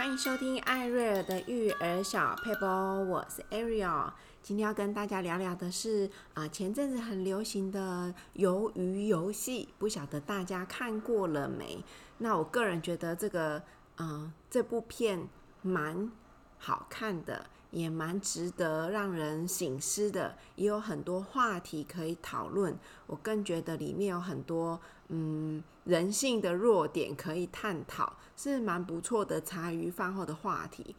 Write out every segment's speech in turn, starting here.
歡迎收聽艾瑞爾的育兒小佩波，我是艾瑞爾。今天要跟大家聊聊的是啊、呃，前陣子很流行的魷魚遊戲，不曉得大家看過了沒？那我個人覺得這個嗯、呃，這部片蠻好看的。也蠻值得讓人省思的，也有很多話題可以討論。我更覺得裡面有很多嗯人性的弱點可以探討，是蠻不錯的茶餘飯後的話題。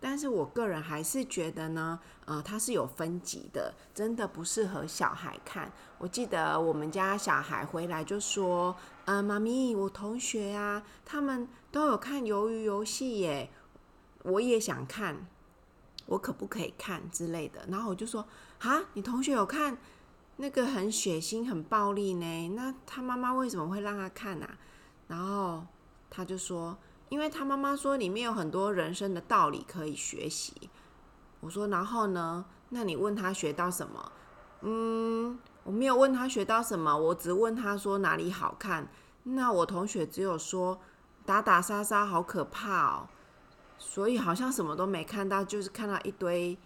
但是我個人還是覺得呢，呃，它是有分級的，真的不適合小孩看。我記得我們家小孩回來就說：“呃，媽咪，我同學啊，他們都有看《魷魚遊戲》耶，我也想看。”我可不可以看之類的？然後我就說：蛤，你同學有看那個很血腥、很暴力呢？那他媽媽為什麼會讓他看啊？然後他就說：因為他媽媽說裡面有很多人生的道理可以學習。我說：然後呢？那你問他學到什麼？嗯，我沒有問他學到什麼，我只問他說哪裡好看。那我同學只有說打打殺殺好可怕哦。所以好像什麼都沒看到，就是看到一堆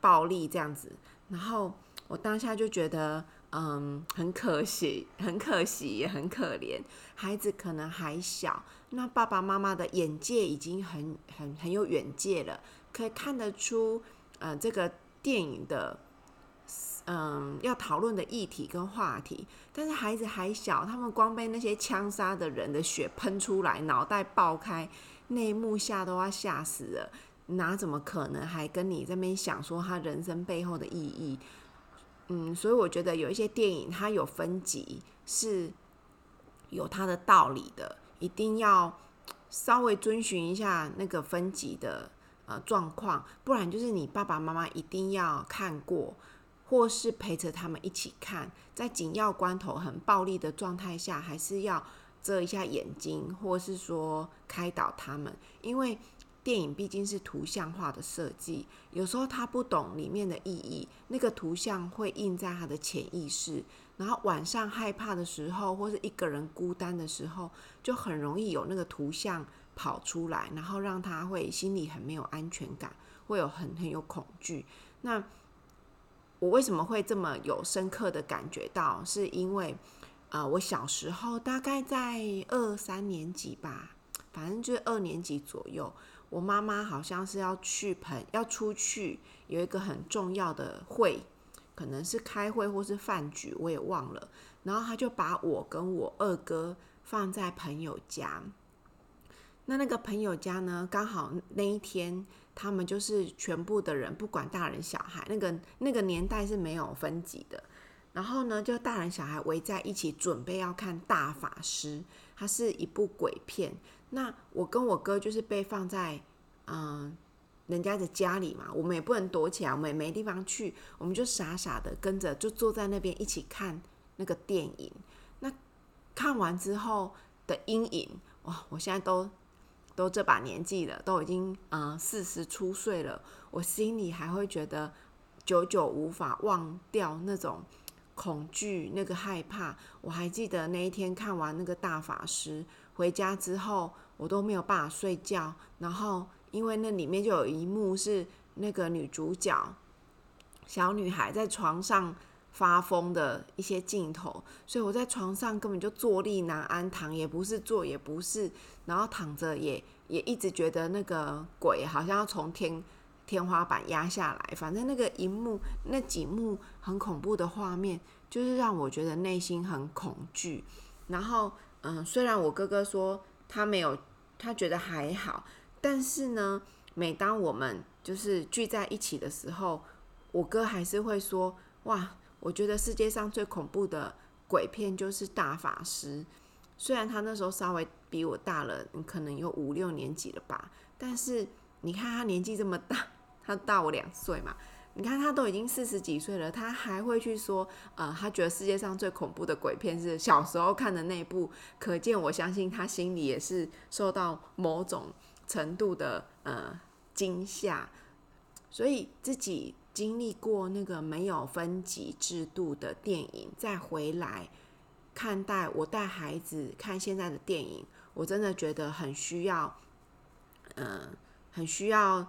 暴力這樣子。然後我當下就覺得，嗯，很可惜，很可惜，也很可憐。孩子可能還小，那爸爸媽媽的眼界已經很、很、很有遠見了，可以看得出，呃、嗯，這個電影的，嗯，要討論的議題跟話題。但是孩子還小，他們光被那些槍殺的人的血噴出來，腦袋爆開。那一幕嚇下都要嚇死了，哪怎麼可能還跟你這邊想說他人生背後的意義？嗯，所以我覺得有一些電影它有分級是，有它的道理的，一定要稍微遵循一下那個分級的呃狀況，不然就是你爸爸媽媽一定要看過，或是陪着他們一起看，在緊要關頭很暴力的狀態下，還是要。遮一下眼睛，或是說開導他們，因為電影畢竟是圖像化的設計，有時候他不懂裡面的意義，那個圖像會印在他的潛意識，然後晚上害怕的時候，或是一個人孤單的時候，就很容易有那個圖像跑出來，然後讓他會心裡很沒有安全感，會有很很有恐懼。那我為什麼會這麼有深刻的感覺到？是因為。啊、呃，我小時候大概在二三年級吧，反正就是二年級左右，我媽媽好像是要去朋要出去，有一個很重要的會，可能是開會或是飯局，我也忘了。然後他就把我跟我二哥放在朋友家，那那個朋友家呢，剛好那一天他們就是全部的人，不管大人小孩，那個那個年代是沒有分級的。然後呢，就大人小孩圍在一起，準備要看《大法師》，它是一部鬼片。那我跟我哥就是被放在嗯、呃、人家的家裡嘛，我們也不能躲起來，我們也沒地方去，我們就傻傻的跟着，就坐在那邊一起看那個電影。那看完之後的陰影，哇，我現在都都這把年紀了，都已經嗯四十出歲了，我心裡還會覺得久久無法忘掉那種。恐懼，那個害怕，我還記得那一天看完那個大法師回家之後，我都沒有辦法睡覺。然後因為那裡面就有一幕是那個女主角小女孩在床上發瘋的一些鏡頭，所以我在床上根本就坐立難安，躺也不是，坐也不是，然後躺着也也一直覺得那個鬼好像要從天。天花板壓下來，反正那個一幕，那幾幕很恐怖的畫面，就是讓我覺得內心很恐懼。然後，嗯，雖然我哥哥說他沒有，他覺得還好，但是呢，每當我們就是聚在一起的時候，我哥還是會說：“哇，我覺得世界上最恐怖的鬼片就是《大法師》。”雖然他那時候稍微比我大了，可能有五六年級了吧，但是你看他年紀這麼大。他大我兩歲嘛，你看他都已經四十幾歲了，他還會去說，呃，他覺得世界上最恐怖的鬼片是小時候看的那部。可見我相信他心裡也是受到某種程度的呃驚嚇，所以自己經歷過那個沒有分級制度的電影，再回來看待我帶孩子看現在的電影，我真的覺得很需要，嗯、呃，很需要，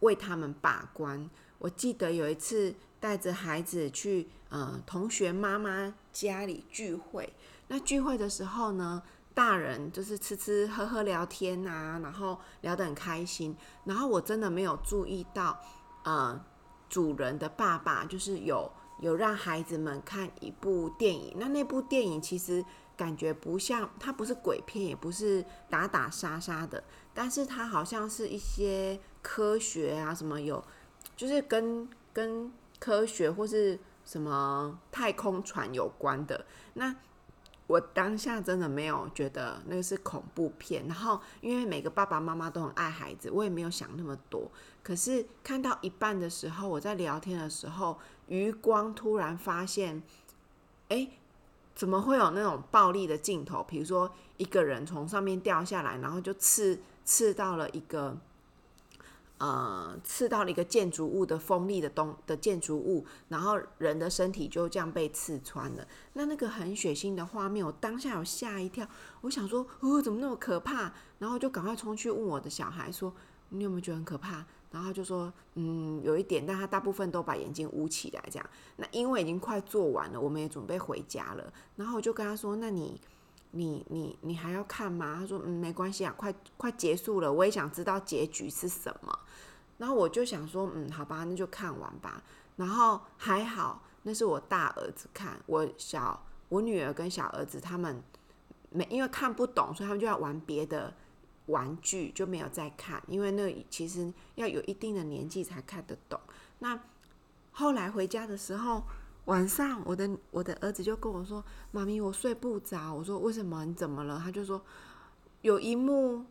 為他們把關。我記得有一次帶着孩子去，呃，同學媽媽家裡聚會。那聚會的時候呢，大人就是吃吃喝喝聊天啊，然後聊得很開心。然後我真的沒有注意到，呃，主人的爸爸就是有有讓孩子們看一部電影。那那部電影其實……感覺不像，它不是鬼片，也不是打打殺殺的，但是它好像是一些科學啊，什麼有，就是跟跟科學或是什麼太空船有關的。那我當下真的沒有覺得那個是恐怖片，然後因為每個爸爸媽媽都很愛孩子，我也沒有想那麼多。可是看到一半的時候，我在聊天的時候，餘光突然發現，哎、欸。怎麼會有那種暴力的鏡頭？比如說一個人從上面掉下來，然後就刺刺到了一個，呃，刺到了一個建築物的鋒利的東的建築物，然後人的身體就這樣被刺穿了。那那個很血腥的畫面，我當下有嚇一跳，我想說，哦，怎麼那麼可怕？然後就趕快衝去問我的小孩說。你有沒有覺得很可怕？然後他就說，嗯，有一點，但他大部分都把眼睛捂起來，這樣。那因為已經快做完了，我們也準備回家了。然後我就跟他說：“那你，你，你，你還要看嗎？”他說：“嗯，沒關係啊，快快結束了，我也想知道結局是什麼。”然後我就想說：“嗯，好吧，那就看完吧。”然後還好，那是我大兒子看，我小我女兒跟小兒子他們沒因為看不懂，所以他們就要玩別的。玩具就沒有再看，因為那其實要有一定的年紀才看得懂。那後來回家的時候，晚上我的我的兒子就跟我說：“媽咪，我睡不着。”我說：“為什麼？你怎麼了？”他就說：“有一幕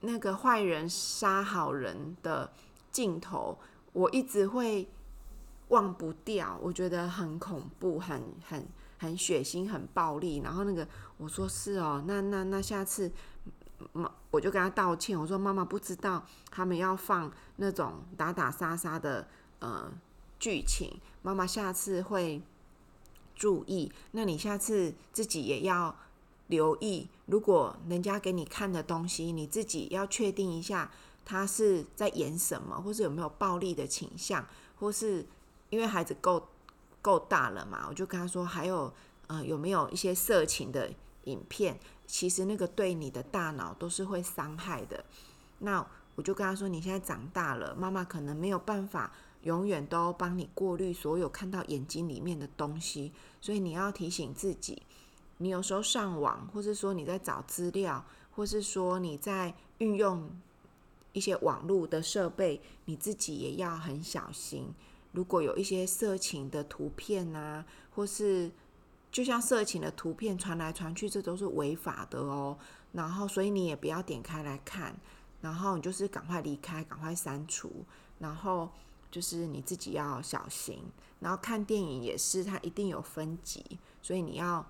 那個壞人殺好人的鏡頭，我一直會忘不掉。我覺得很恐怖，很很很血腥，很暴力。然後那個我說是哦，那那那下次。”媽，我就跟他道歉，我說，媽媽不知道他們要放那種打打殺殺的呃劇情，媽媽下次會注意。那你下次自己也要留意，如果人家給你看的東西，你自己要確定一下，他是在演什麼，或是有沒有暴力的傾向，或是因為孩子夠夠大了嘛，我就跟他說，還有呃有沒有一些色情的影片。其實那個對你的大腦都是會傷害的。那我就跟他說，你現在長大了，媽媽可能沒有辦法永遠都幫你過濾所有看到眼睛裡面的東西。所以你要提醒自己，你有時候上網，或是說你在找資料，或是說你在運用一些網絡的設備，你自己也要很小心。如果有一些色情的圖片啊，或是。就像色情的圖片傳來傳去，這都是違法的哦。然後，所以你也不要點開來看。然後，你就是趕快離開，趕快刪除。然後，就是你自己要小心。然後，看電影也是，它一定有分級，所以你要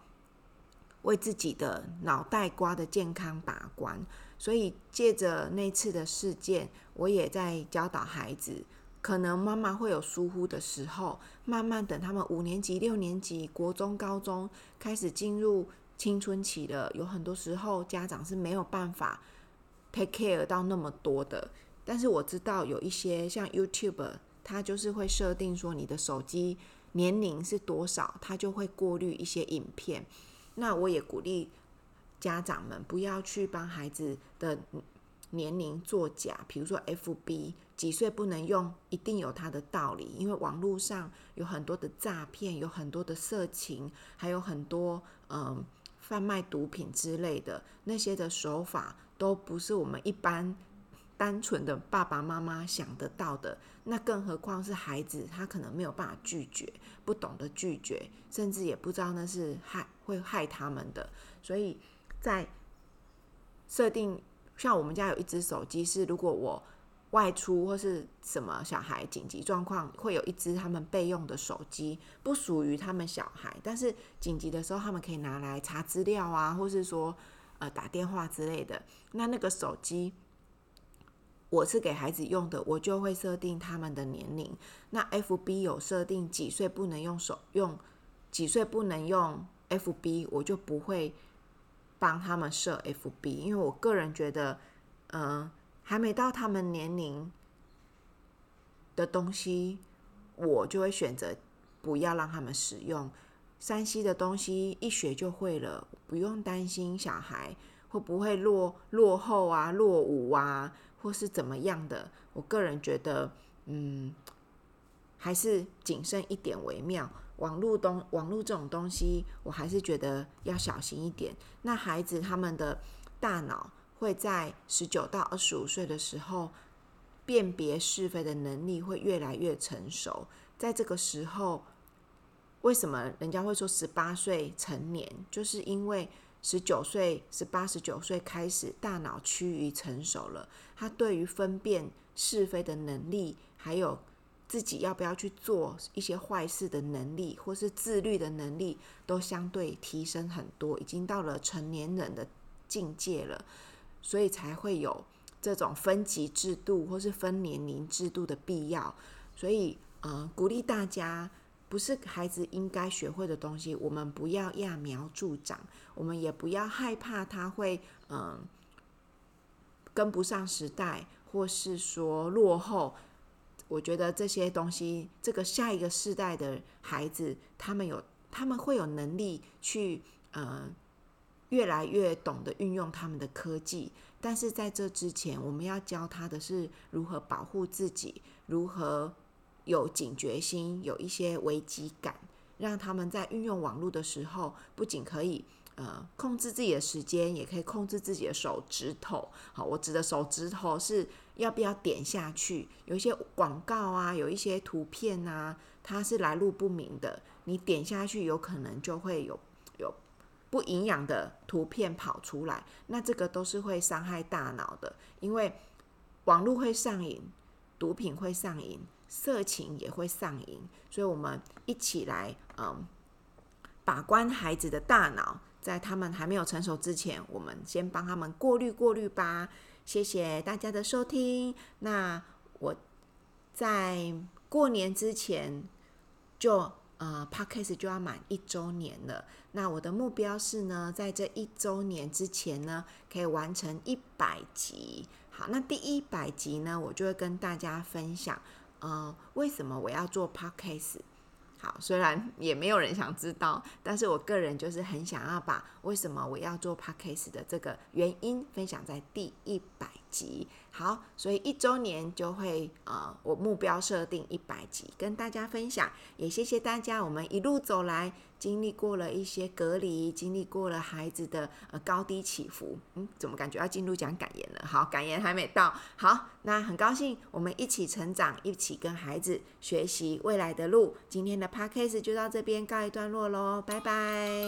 為自己的腦袋瓜的健康把關。所以，借着那次的事件，我也在教導孩子。可能媽媽會有疏忽的時候，慢慢等他們五年級、六年級、國中、高中開始進入青春期了，有很多時候家長是沒有辦法 take care 到那麼多的。但是我知道有一些像 YouTube，它就是會設定說你的手機年齡是多少，它就會過濾一些影片。那我也鼓勵家長們不要去幫孩子的。年齡作假，比如說 FB 幾歲不能用，一定有他的道理。因為網絡上有很多的詐騙，有很多的色情，還有很多嗯販賣毒品之類的那些的手法，都不是我們一般單純的爸爸媽媽想得到的。那更何況是孩子，他可能沒有辦法拒絕，不懂得拒絕，甚至也不知道那是害會害他們的。所以在設定。像我們家有一只手機，是如果我外出或是什麼小孩緊急狀況，會有一只他們備用的手機，不屬於他們小孩，但是緊急的時候他們可以拿來查資料啊，或是說呃打電話之類的。那那個手機我是給孩子用的，我就會設定他們的年齡。那 FB 有設定幾歲不能用手用，幾歲不能用 FB，我就不會。幫他們設 FB，因為我個人覺得，嗯，還沒到他們年齡的東西，我就會選擇不要讓他們使用。3C 的東西一學就會了，不用擔心小孩會不會落落後啊、落伍啊，或是怎麼樣的。我個人覺得，嗯，還是謹慎一點為妙。網絡東網絡這種東西，我還是覺得要小心一點。那孩子他們的大腦會在十九到二十五歲的時候，辨別是非的能力會越來越成熟。在這個時候，為什麼人家會說十八歲成年？就是因為十九歲、十八、十九歲開始，大腦趨於成熟了，他對於分辨是非的能力還有自己要不要去做一些壞事的能力，或是自律的能力，都相對提升很多，已經到了成年人的境界了，所以才會有這種分級制度或是分年齡制度的必要。所以，呃，鼓勵大家，不是孩子應該學會的東西，我們不要揠苗助長，我們也不要害怕他會嗯、呃、跟不上時代，或是說落後。我覺得這些東西，這個下一個世代的孩子，他們有，他們會有能力去，呃，越來越懂得運用他們的科技。但是在這之前，我們要教他的是如何保護自己，如何有警覺心，有一些危機感，讓他們在運用網絡的時候，不僅可以。呃、嗯，控制自己的時間，也可以控制自己的手指頭。好，我指的手指頭是要不要點下去？有一些廣告啊，有一些圖片啊，它是來路不明的。你點下去，有可能就會有有不營養的圖片跑出來。那這個都是會傷害大腦的，因為網絡會上癮，毒品會上癮，色情也會上癮。所以，我們一起來嗯，把關孩子的大腦。在他們還沒有成熟之前，我們先幫他們過濾過濾吧。謝謝大家的收聽。那我在過年之前就呃 Podcast 就要滿一周年了。那我的目標是呢，在這一周年之前呢，可以完成一百集。好，那第一百集呢，我就會跟大家分享，呃，為什麼我要做 Podcast？好，雖然也沒有人想知道，但是我個人就是很想要把為什麼我要做 Podcast 的這個原因分享在第一百集好，所以一周年就會呃，我目標設定一百集跟大家分享，也謝謝大家，我們一路走來，經歷過了一些隔離，經歷過了孩子的呃高低起伏，嗯，怎麼感覺要進入講感言了？好，感言還沒到，好，那很高興我們一起成長，一起跟孩子學習未來的路，今天的 podcast 就到這邊告一段落嘍，拜拜。